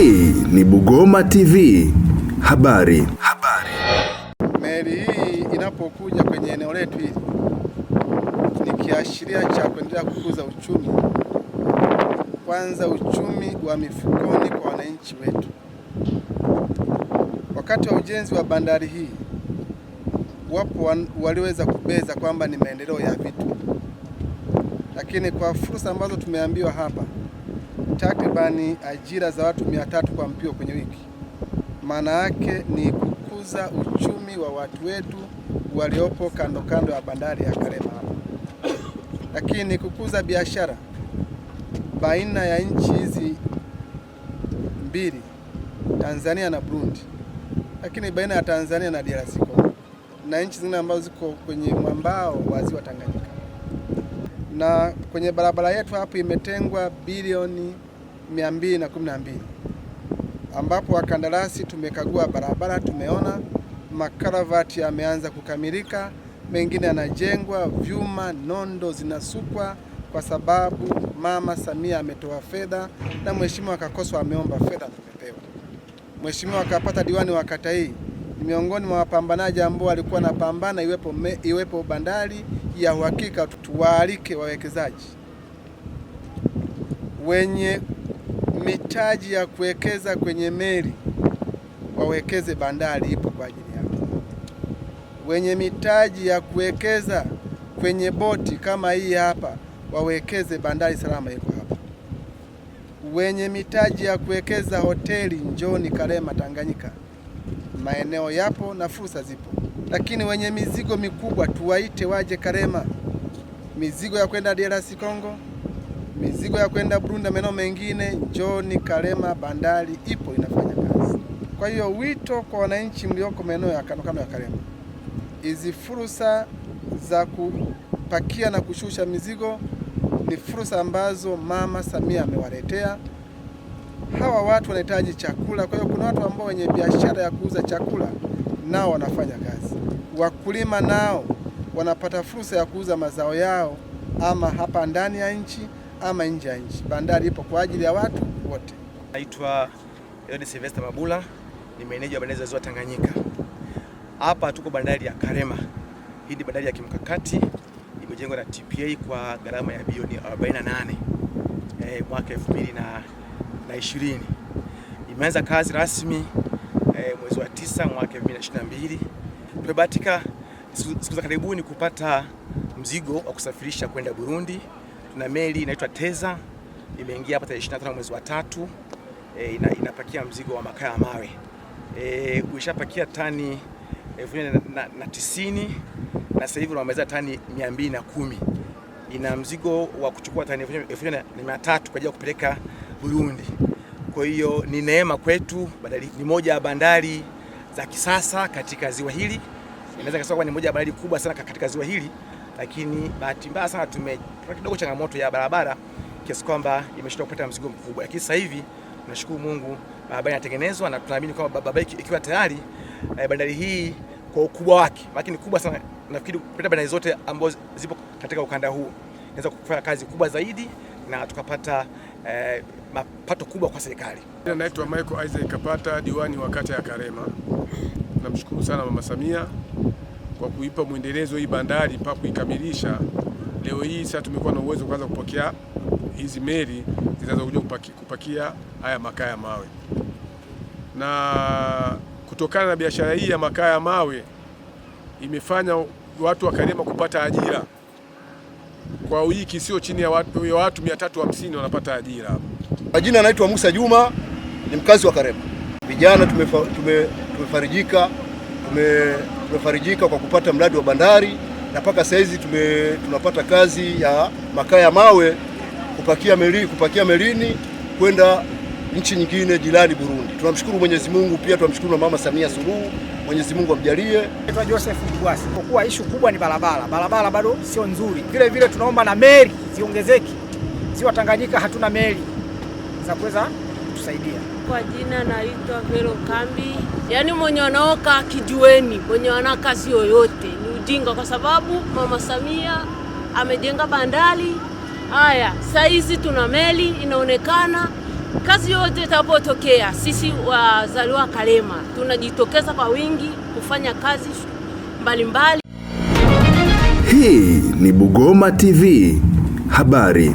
Hii ni Bugoma TV. Habari. Habari. Meli hii inapokuja kwenye eneo letu hili ni kiashiria cha kuendelea kukuza uchumi, kwanza uchumi wa mifukoni kwa wananchi wetu. Wakati wa ujenzi wa bandari hii, wapo waliweza kubeza kwamba ni maendeleo ya vitu, lakini kwa fursa ambazo tumeambiwa hapa takribani ajira za watu mia tatu kwa mpio kwenye wiki. Maana yake ni kukuza uchumi wa watu wetu waliopo kando kando ya bandari ya Karema hapa, lakini kukuza biashara baina ya nchi hizi mbili, Tanzania na Burundi, lakini baina ya Tanzania na DRC na nchi zingine ambazo ziko kwenye mwambao wa ziwa Tanganyika na kwenye barabara yetu hapo imetengwa bilioni 212 ambapo wakandarasi tumekagua barabara, tumeona makaravati yameanza kukamilika, mengine yanajengwa, vyuma nondo zinasukwa kwa sababu Mama Samia ametoa fedha na mheshimiwa Kakoso ameomba fedha, tumepewa. Mheshimiwa akapata diwani wa kata hii miongoni mwa wapambanaji ambao walikuwa wanapambana iwepo, iwepo bandari ya uhakika. Tuwaalike wawekezaji wenye mitaji ya kuwekeza kwenye meli wawekeze, bandari ipo kwa ajili yao. Wenye mitaji ya kuwekeza kwenye boti kama hii hapa wawekeze, bandari salama iko hapa. Wenye mitaji ya kuwekeza hoteli, njoni Karema Tanganyika maeneo yapo na fursa zipo, lakini wenye mizigo mikubwa tuwaite waje Karema, mizigo ya kwenda DRC Congo, mizigo ya kwenda Burundi, maeneo mengine, njoni Karema, bandari ipo inafanya kazi. Kwa hiyo wito kwa wananchi mlioko maeneo ya kano kama ya Karema, hizi fursa za kupakia na kushusha mizigo ni fursa ambazo Mama Samia amewaletea hawa watu wanahitaji chakula. Kwa hiyo kuna watu ambao wenye biashara ya kuuza chakula nao wanafanya kazi, wakulima nao wanapata fursa ya kuuza mazao yao, ama hapa ndani ya nchi ama nje ya nchi. Bandari ipo kwa ajili ya watu wote. Naitwa Edward Sylvester Mabula, ni meneja wa bandari za Ziwa Tanganyika. Hapa tuko bandari ya Karema. Hii ni bandari ya kimkakati imejengwa na TPA kwa gharama ya bilioni 48 eh, mwaka 2000 na ishirini imeanza kazi rasmi e, mwezi wa tisa mwaka mbili. Tumebahatika siku za karibuni kupata mzigo wa kusafirisha kwenda Burundi. Tuna meli inaitwa Teza imeingia hapa tarehe 25 mwezi wa tatu e, ina, inapakia mzigo wa makaa ya mawe e, eh, uishapakia tani elfu na, na, na tisini na sasa hivi unamaliza tani kumi Ina mzigo wa kuchukua tani elfu na mia tatu kwa ajili ya kupeleka Burundi. Kwa hiyo ni neema kwetu, bandari ni moja ya bandari za kisasa katika ziwa hili, inaweza kusema kwamba ni moja ya bandari kubwa sana katika ziwa hili, lakini bahati mbaya sana tume kidogo changamoto ya barabara kiasi kwamba imeshindwa kupata mzigo mkubwa, lakini sasa hivi nashukuru Mungu barabara inatengenezwa na tunaamini kwamba barabara ikiwa tayari eh, bandari hii kwa ukubwa wake, lakini kubwa sana, nafikiri kupita bandari zote ambazo zipo katika ukanda huu inaweza kufanya kazi kubwa zaidi na tukapata eh, mapato kubwa kwa serikali. Naitwa Michael Isaac Kapata, diwani wa kata ya Karema. Namshukuru sana Mama Samia kwa kuipa mwendelezo hii bandari mpaka kuikamilisha. Leo hii sasa tumekuwa na uwezo kuanza kupokea hizi meli zinazokuja kupakia, kupakia haya makaa ya mawe na kutokana na biashara hii ya makaa ya mawe imefanya watu wa Karema kupata ajira kwa wiki sio chini ya watu, ya watu 350 wanapata ajira hapo. Majina anaitwa Musa Juma, ni mkazi wa Karema. Vijana tumefa, tume, tumefarijika tume, tumefarijika kwa kupata mradi wa bandari na mpaka hizi tume, tunapata kazi ya makaa ya mawe kupakia, meli, kupakia melini kwenda nchi nyingine jirani Burundi. Tunamshukuru Mwenyezi Mungu, pia tunamshukuru na Mama Samia Suluhu Mwenyezi Mungu amjalie. Naitwa Joseph Mkwasi. Kwa kuwa ishu kubwa ni barabara, barabara bado sio nzuri. Vile vile tunaomba na meli ziongezeke, si Watanganyika hatuna meli za kuweza kutusaidia. Kwa jina naitwa Vero Kambi. Yaani mwenye wanaoka kijueni mwenye wana kazi yoyote ni ujinga, kwa sababu Mama Samia amejenga bandari. Haya, saizi tuna meli inaonekana kazi yote itapotokea sisi wazaliwa Kalema tunajitokeza kwa wingi kufanya kazi mbalimbali mbali. Hii ni Bugoma TV habari.